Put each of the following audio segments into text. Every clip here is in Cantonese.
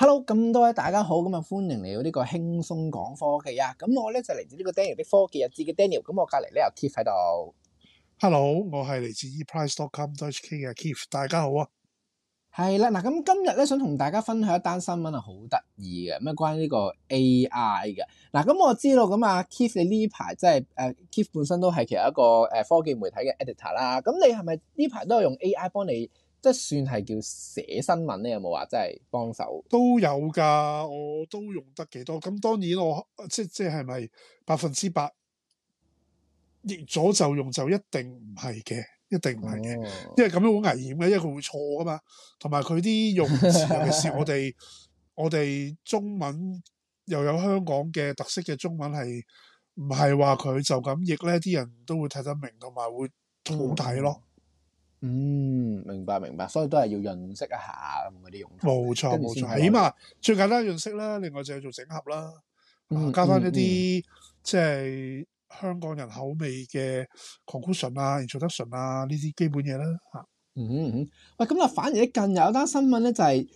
Hello，咁多位大家好，咁啊歡迎嚟到呢、這個輕鬆講科技啊，咁我咧就嚟自呢個 Daniel 的科技日誌嘅 Daniel，咁我隔籬咧有 Keith 喺度。Hello，我係嚟自 eprice.com.hk 嘅 Keith，大家好啊。係啦，嗱，咁今日咧想同大家分享一單新聞啊，好得意嘅，咁啊關於呢個 AI 嘅。嗱，咁我知道咁啊，Keith 你呢排真係誒，Keith 本身都係其實一個誒科技媒體嘅 editor 啦，咁你係咪呢排都有用 AI 幫你？即係算係叫寫新聞咧，有冇話即係幫手？都有噶，我都用得幾多。咁當然我即係即係，係咪百分之百譯咗就用就一定唔係嘅，一定唔係嘅，因為咁樣好危險嘅，因為佢會錯噶嘛。同埋佢啲用詞，尤其是我哋 我哋中文又有香港嘅特色嘅中文是是，係唔係話佢就咁譯咧？啲人都會睇得明，同埋會好睇咯。嗯，明白明白，所以都係要潤色一下咁嗰啲用途，冇錯冇錯，起碼最簡單潤色啦，另外就係做整合啦，加翻一啲即係香港人口味嘅 conclusion 啊，instruction 啊呢啲基本嘢啦，吓，嗯嗯，喂、哎，咁啊反而近日有單新聞咧、就是，就係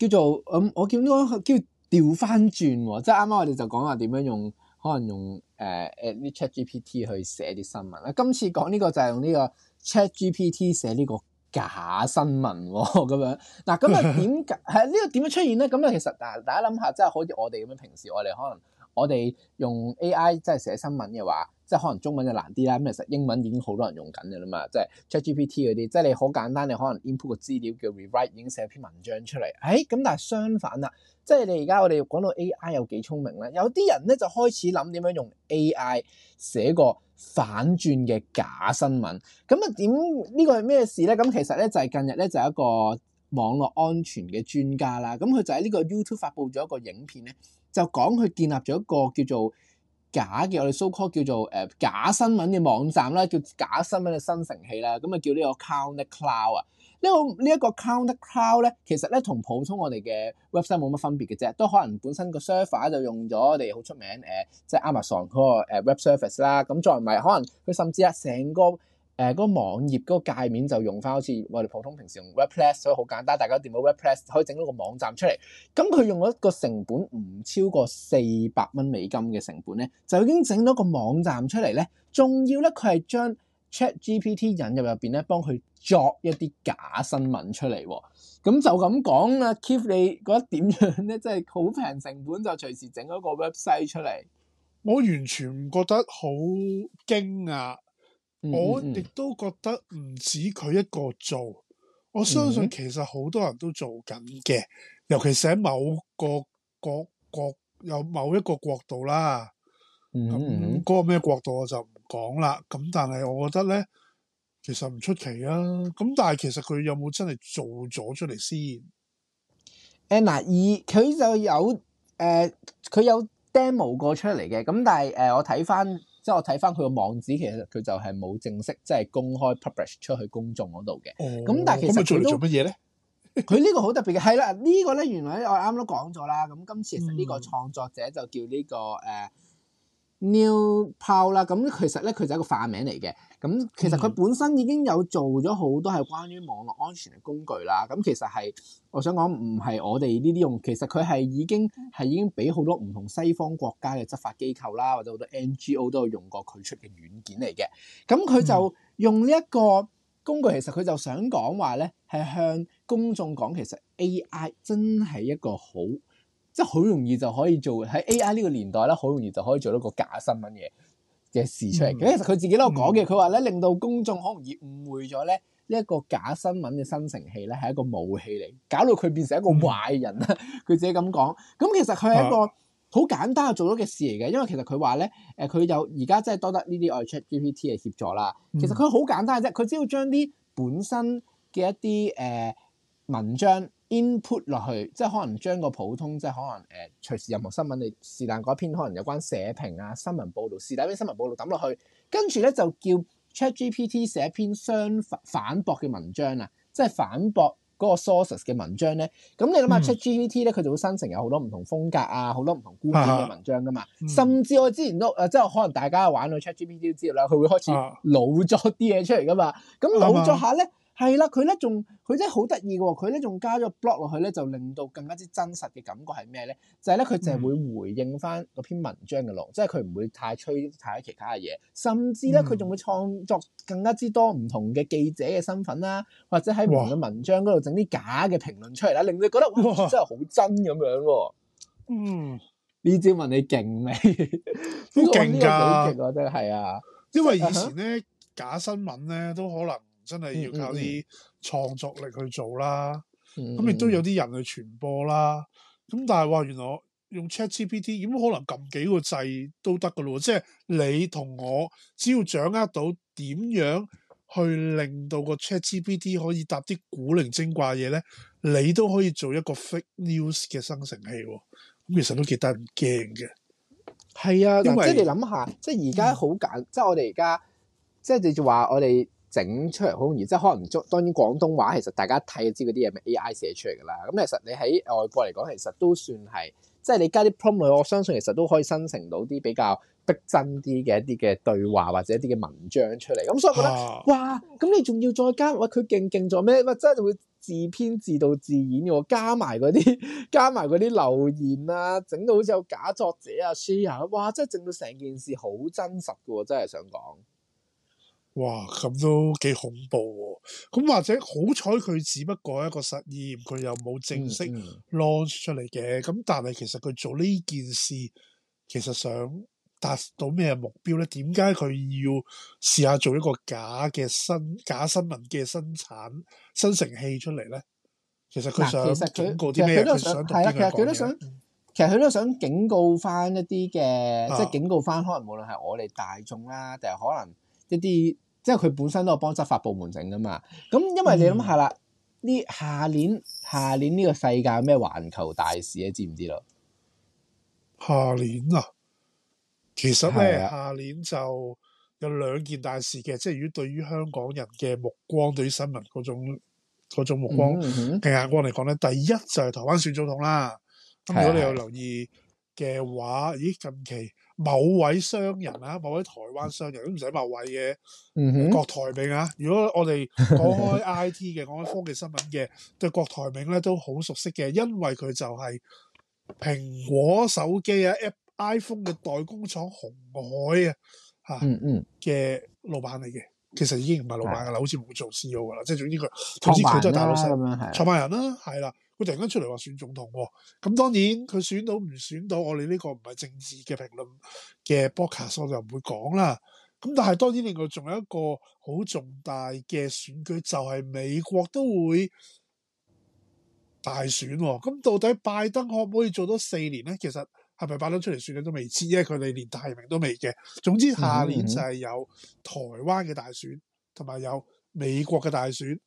叫做咁、嗯，我叫呢個叫調翻轉喎，即係啱啱我哋就講話點樣用，可能用誒 at ChatGPT 去寫啲新聞啦，今次講呢個就係用呢、這個。ChatGPT 寫呢個假新聞咁、哦、樣，嗱咁啊點解係呢個點樣出現咧？咁咧其實嗱，大家諗下，即係好似我哋咁樣平時我，我哋可能我哋用 AI 即係寫新聞嘅話。即係可能中文就難啲啦，咁其實英文已經好多人用緊嘅啦嘛，即係 ChatGPT 嗰啲，即係你好簡單，你可能 input 個資料叫 rewrite 已經寫篇文章出嚟，誒咁但係相反啦，即係你而家我哋講到 AI 有幾聰明咧，有啲人咧就開始諗點樣用 AI 寫個反轉嘅假新聞，咁啊點呢個係咩事咧？咁其實咧就係近日咧就係一個網絡安全嘅專家啦，咁佢就喺呢個 YouTube 發佈咗一個影片咧，就講佢建立咗一個叫做，假嘅我哋 so called 叫做誒假新聞嘅網站啦，叫假新聞嘅生成器啦，咁啊叫呢個 CounterCloud 啊，呢個呢一個 CounterCloud 咧，其實咧同普通我哋嘅 website 冇乜分別嘅啫，都可能本身個 server 就用咗我哋好出名誒，即係 Amazon 嗰個誒 web service 啦，咁再唔係可能佢甚至啊成個。誒嗰、呃那個網頁個界面就用翻好似我哋普通平時用 WordPress 所以好簡單。大家掂到 WordPress 可以整到個網站出嚟。咁佢用一個成本唔超過四百蚊美金嘅成本咧，就已經整到個網站出嚟咧。仲要咧，佢係將 ChatGPT 引入入邊咧，幫佢作一啲假新聞出嚟。咁就咁講啊 Keith 你覺得點樣咧？即係好平成本就隨時整咗個 website 出嚟。我完全唔覺得好驚啊！ 我亦都覺得唔止佢一個做，我相信其實好多人都做緊嘅，尤其是某個國國有某一個國度啦。咁嗰 個咩國度我就唔講啦。咁但係我覺得咧，其實唔出奇啊。咁但係其實佢有冇真係做咗出嚟先？嗱，而佢就有誒，佢、呃、有 demo 過出嚟嘅。咁但係誒、呃，我睇翻。即係我睇翻佢個網址，其實佢就係冇正式即係、即係、公開 publish 出去公眾嗰度嘅。咁、哦、但係其實都、哦、做嚟做乜嘢咧？佢 呢個好特別嘅，係啦，呢個、呢個咧原來我啱啱都講咗啦。咁今次其實呢個創作者就叫呢、呢個誒。嗯 New Power 啦，咁其實咧佢就係一個化名嚟嘅。咁其實佢本身已經有做咗好多係關於網絡安全嘅工具啦。咁其實係我想講唔係我哋呢啲用，其實佢係已經係已經俾好多唔同西方國家嘅執法機構啦，或者好多 NGO 都有用過佢出嘅軟件嚟嘅。咁佢就用呢一個工具，其實佢就想講話咧係向公眾講，其實 AI 真係一個好。即係好容易就可以做，喺 AI 呢個年代咧，好容易就可以做到一個假新聞嘅嘅事出嚟。嗯、其實佢自己都有講嘅，佢話咧令到公眾好容易誤會咗咧呢一個假新聞嘅生成器咧係一個武器嚟，搞到佢變成一個壞人啦。佢、嗯、 自己咁講，咁其實佢係一個好簡單、啊、做到嘅事嚟嘅，因為其實佢話咧誒佢有而家真係多得呢啲我 Chat GPT 嘅協助啦。其實佢好簡單嘅啫，佢只要將啲本身嘅一啲誒、呃、文章。input 落去，即係可能將個普通，即係可能誒、呃、隨時任何新聞，你是但嗰篇可能有關社評啊、新聞報導，是但嗰篇新聞報導抌落去，跟住咧就叫 ChatGPT 寫一篇相反駁嘅文章啊，即係反駁嗰個 source 嘅文章咧。咁你諗下、嗯、ChatGPT 咧佢就會生成有好多唔同風格啊，好多唔同觀點嘅文章噶嘛。嗯、甚至我之前都誒，即係可能大家玩到 ChatGPT 之後咧，佢會開始老作啲嘢出嚟噶嘛。咁老作下咧。嗯係啦，佢咧仲佢真係好得意嘅喎，佢咧仲加咗 blog 落去咧，就令到更加之真實嘅感覺係咩咧？就係咧，佢淨係會回應翻嗰篇文章嘅咯，嗯、即係佢唔會太吹太其他嘅嘢，甚至咧佢仲會創作更加之多唔同嘅記者嘅身份啦，或者喺唔同嘅文章嗰度整啲假嘅評論出嚟啦，哇令你覺得哇，哇真係好真咁樣喎。嗯，呢招問你勁未？好勁㗎，真係啊！因為以前咧 假新聞咧都可能。真係要靠啲創作力去做啦，咁亦都有啲人去傳播啦。咁、嗯、但係話原來用 ChatGPT，咁可能撳幾個掣都得噶咯。即係你同我只要掌握到點樣去令到個 ChatGPT 可以搭啲古靈精怪嘢咧，你都可以做一個 fake news 嘅生成器，哦。咁其實都幾得人驚嘅。係啊，因為即係你諗下，即係而家好簡，嗯、即係我哋而家，即係你就話我哋。整出嚟好容易，即係可能當然廣東話其實大家睇就知嗰啲係咪 AI 寫出嚟㗎啦。咁、嗯、其實你喺外國嚟講，其實都算係，即係你加啲 prompt 落去，我相信其實都可以生成到啲比較逼真啲嘅一啲嘅對話或者一啲嘅文章出嚟。咁、嗯、所以我覺得蛤哇，咁你仲要再加哇？佢勁勁咗咩？哇！真係會自編自導自演喎，加埋嗰啲加埋啲留言啊，整到好似有假作者啊 share，啊哇！真係整到成件事好真實㗎喎，真係想講。哇，咁都幾恐怖喎！咁或者好彩佢只不過係一個實驗，佢又冇正式 launch 出嚟嘅。咁、嗯嗯、但係其實佢做呢件事其實想達到咩目標咧？點解佢要試下做一個假嘅新假新聞嘅生產生成器出嚟咧？其實佢想警告啲咩？佢想讀其實佢都想，想其實佢都，都想警告翻一啲嘅，啊、即係警告翻可能無論係我哋大眾啦、啊，定係可能。一啲即係佢本身都係幫執法部門整噶嘛，咁因為你諗下啦，呢、嗯、下年下年呢個世界咩環球大事咧、啊？知唔知咯？下年啊，其實咧下、啊、年就有兩件大事嘅，即係如果對於香港人嘅目光，對於新聞嗰種嗰種目光嘅、嗯嗯、眼光嚟講咧，第一就係台灣選總統啦。咁如果你有留意，嘅話，咦？近期某位商人啊，某位台灣商人，都唔使某位嘅，郭台銘啊。如果我哋講開 I T 嘅，講開科技新聞嘅，對郭台銘咧都好熟悉嘅，因為佢就係蘋果手機啊，iPhone 嘅代工廠鴻海啊，吓，嗯嘅老闆嚟嘅。其實已經唔係老闆噶啦，好似冇做 C E O 噶啦，即係總之佢都係大老細，創辦人啦，係啦。佢突然間出嚟話選總統喎、哦，咁當然佢選到唔選到，我哋呢個唔係政治嘅評論嘅 Podcast，我就唔會講啦。咁但係當然另外仲有一個好重大嘅選舉，就係、是、美國都會大選喎、哦。咁到底拜登可唔可以做到四年咧？其實係咪拜登出嚟選嘅都未知，因為佢哋連提名都未嘅。總之下年就係有台灣嘅大選，同埋有，有美國嘅大選。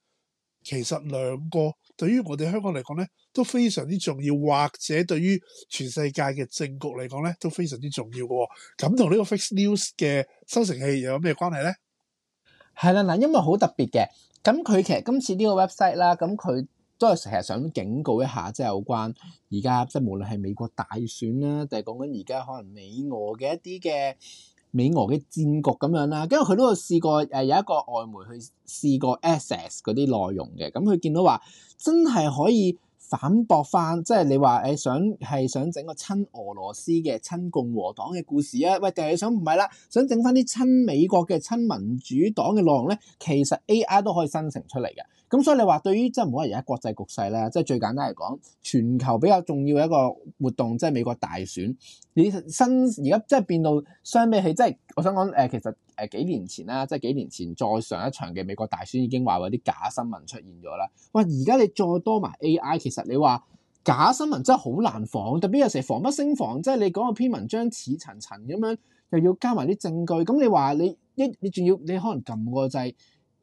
其實兩個對於我哋香港嚟講咧都非常之重要，或者對於全世界嘅政局嚟講咧都非常之重要嘅、哦。咁同呢個 Fix News 嘅生成器又有咩關係咧？係啦，嗱，因為好特別嘅，咁佢其實今次呢個 website 啦，咁佢都係成日想警告一下，即係有關而家即係無論係美國大選啦，定係講緊而家可能美俄嘅一啲嘅。美俄嘅戰局咁樣啦，跟住佢都有試過誒，有一個外媒去試過 access 嗰啲內容嘅，咁佢見到話真係可以反駁翻，即係你話誒想係想整個親俄羅斯嘅親共和黨嘅故事啊，喂，定係想唔係啦，想整翻啲親美國嘅親民主黨嘅內容咧，其實 AI 都可以生成出嚟嘅。咁所以你話對於即係冇人而家國際局勢咧，即係最簡單嚟講，全球比較重要嘅一個活動，即係美國大選。你新而家即係變到，相比起即係我想講誒，其實誒幾年前啦，即係幾年前再上一場嘅美國大選已經話有啲假新聞出現咗啦。哇！而家你再多埋 AI，其實你話假新聞真係好難防，特別有時防不勝防，即係你講個篇文章似層層咁樣，又要加埋啲證據，咁你話你一你仲要你可能撳個掣。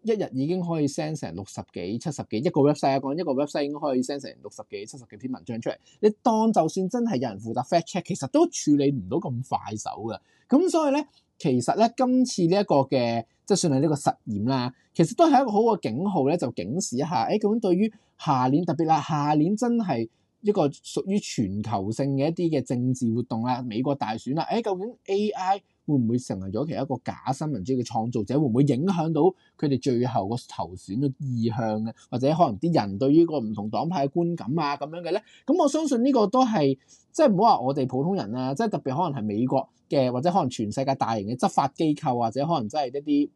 一日已經可以 send 成六十幾、七十幾，一個 website 講一個 website 應該可以 send 成六十幾、七十幾篇文章出嚟。你當就算真係有人負責 fact check，其實都處理唔到咁快手㗎。咁所以咧，其實咧今次呢一個嘅即係算係呢個實驗啦，其實都係一個好嘅警號咧，就警示一下。誒，究竟對於下年特別啦，下年真係一個屬於全球性嘅一啲嘅政治活動啦，美國大選啦，誒，究竟 AI？會唔會成為咗其實一個假新聞主義嘅創造者？會唔會影響到佢哋最後個投選嘅意向啊？或者可能啲人對於個唔同黨派嘅觀感啊咁樣嘅咧？咁我相信呢個都係即係唔好話我哋普通人啦，即係特別可能係美國嘅，或者可能全世界大型嘅執法機構，或者可能真係一啲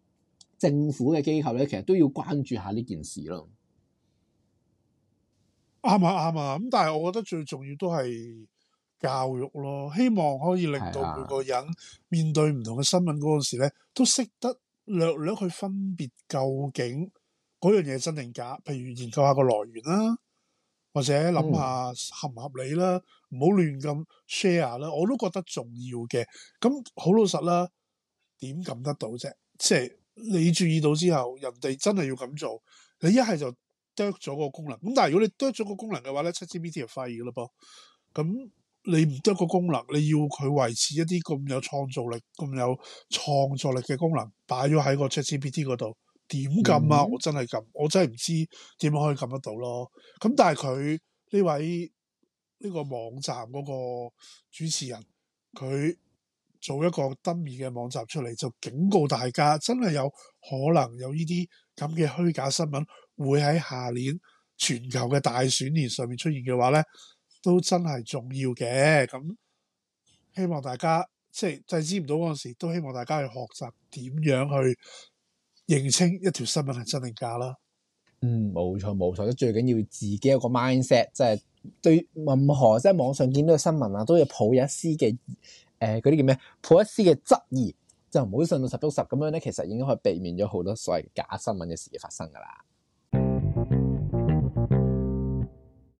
政府嘅機構咧，其實都要關注下呢件事咯。啱啊啱啊！咁但係我覺得最重要都係。教育咯，希望可以令到每個人面對唔同嘅新聞嗰陣時咧，的都識得略略去分別究竟嗰樣嘢真定假。譬如研究下個來源啦，或者諗下合唔合理啦，唔好亂咁 share 啦。我都覺得重要嘅。咁好老實啦，點撳得到啫？即、就、係、是、你注意到之後，人哋真係要咁做，你一係就 d 咗個功能。咁但係如果你 d 咗個功能嘅話咧，七天 B 站就廢嘅咯噃。咁。你唔得個功能，你要佢維持一啲咁有創造力、咁有創造力嘅功能擺咗喺個 ChatGPT 嗰度，點撳啊、嗯我？我真係撳，我真係唔知點樣可以撳得到咯。咁但係佢呢位呢、呢個網站嗰個主持人，佢做一個 dummy 嘅網站出嚟，就警告大家，真係有可能有呢啲咁嘅虛假新聞會喺下年全球嘅大選年上面出現嘅話咧。都真係重要嘅。咁希望大家即係制止唔到嗰陣時，都希望大家去學習點樣去認清一條新聞係真定假啦。嗯，冇錯冇錯，最緊要自己有個 mindset，即係對任何即係、就是、網上見到嘅新聞啊，都要抱有一絲嘅誒，嗰啲叫咩？抱一絲嘅質疑，就唔好信到十足十咁樣咧。其實已經可以避免咗好多所謂假新聞嘅事發生噶啦。